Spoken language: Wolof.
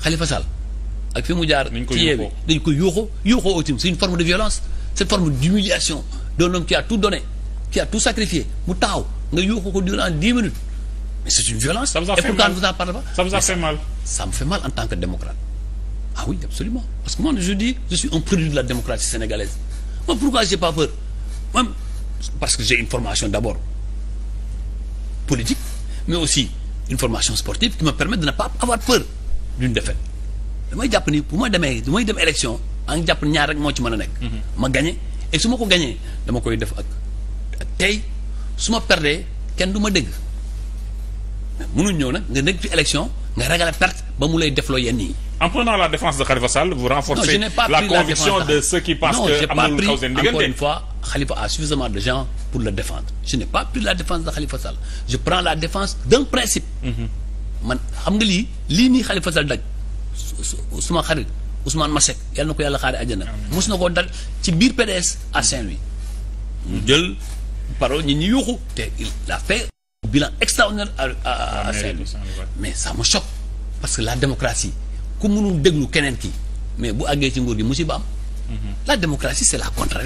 Khalifa Sall ak fi mu jaar ci yeewi dañ ko yuuxu yuuxoo au tim c'est une forme de violence c'est une forme d'humiliation d'un qui a tout donné qui a tout sacrifié mu taxaw nga yuuxu ko durant dix minutes mais c'est une violence ça a fait mal et pourtant vous en parlez a fait mal ça me fait mal en tant que démocrate ah oui absolument parce que moi je dis je suis un produit de la démocratie sénégalaise moi pourquoi j'ai pas peur même parce que j'ai une formation d'abord politique d'une défaite damay jàpp ni bu ma demee bu may dem élection maa ngi jàpp ñaar rek moo ci mën a nekk. Mhm. ma gagné et su ma ko gagné dama koy def ak ak tey su ma perdee kenn du ma dégg mënuñ ñëw nag nga nekk fi élection nga ragal a perte ba mu lay defloo yenn yi. en prenant la défense de Khalifa Sall vous renforcez non, la conviction la de ceux a je n'ai pas pris la défense de Khalifa Sall je prends la défense d'un principe. Mhm. man xam nga lii. lii nii Khalifa Sall daj suma xarit Ousmane Masek yal na ko yàlla xaare àjjana mos na koo daj ci biir PDS à Saint-Louis ñu jël parole ñi ñu yuuxu te il a fait bilan extraordinaire à à Saint-Louis mais ça me choque parce que la démocratie ku mënul déglu keneen kii mais bu àggee ci nguur gi musiba am mhm. la démocratie c'est la contra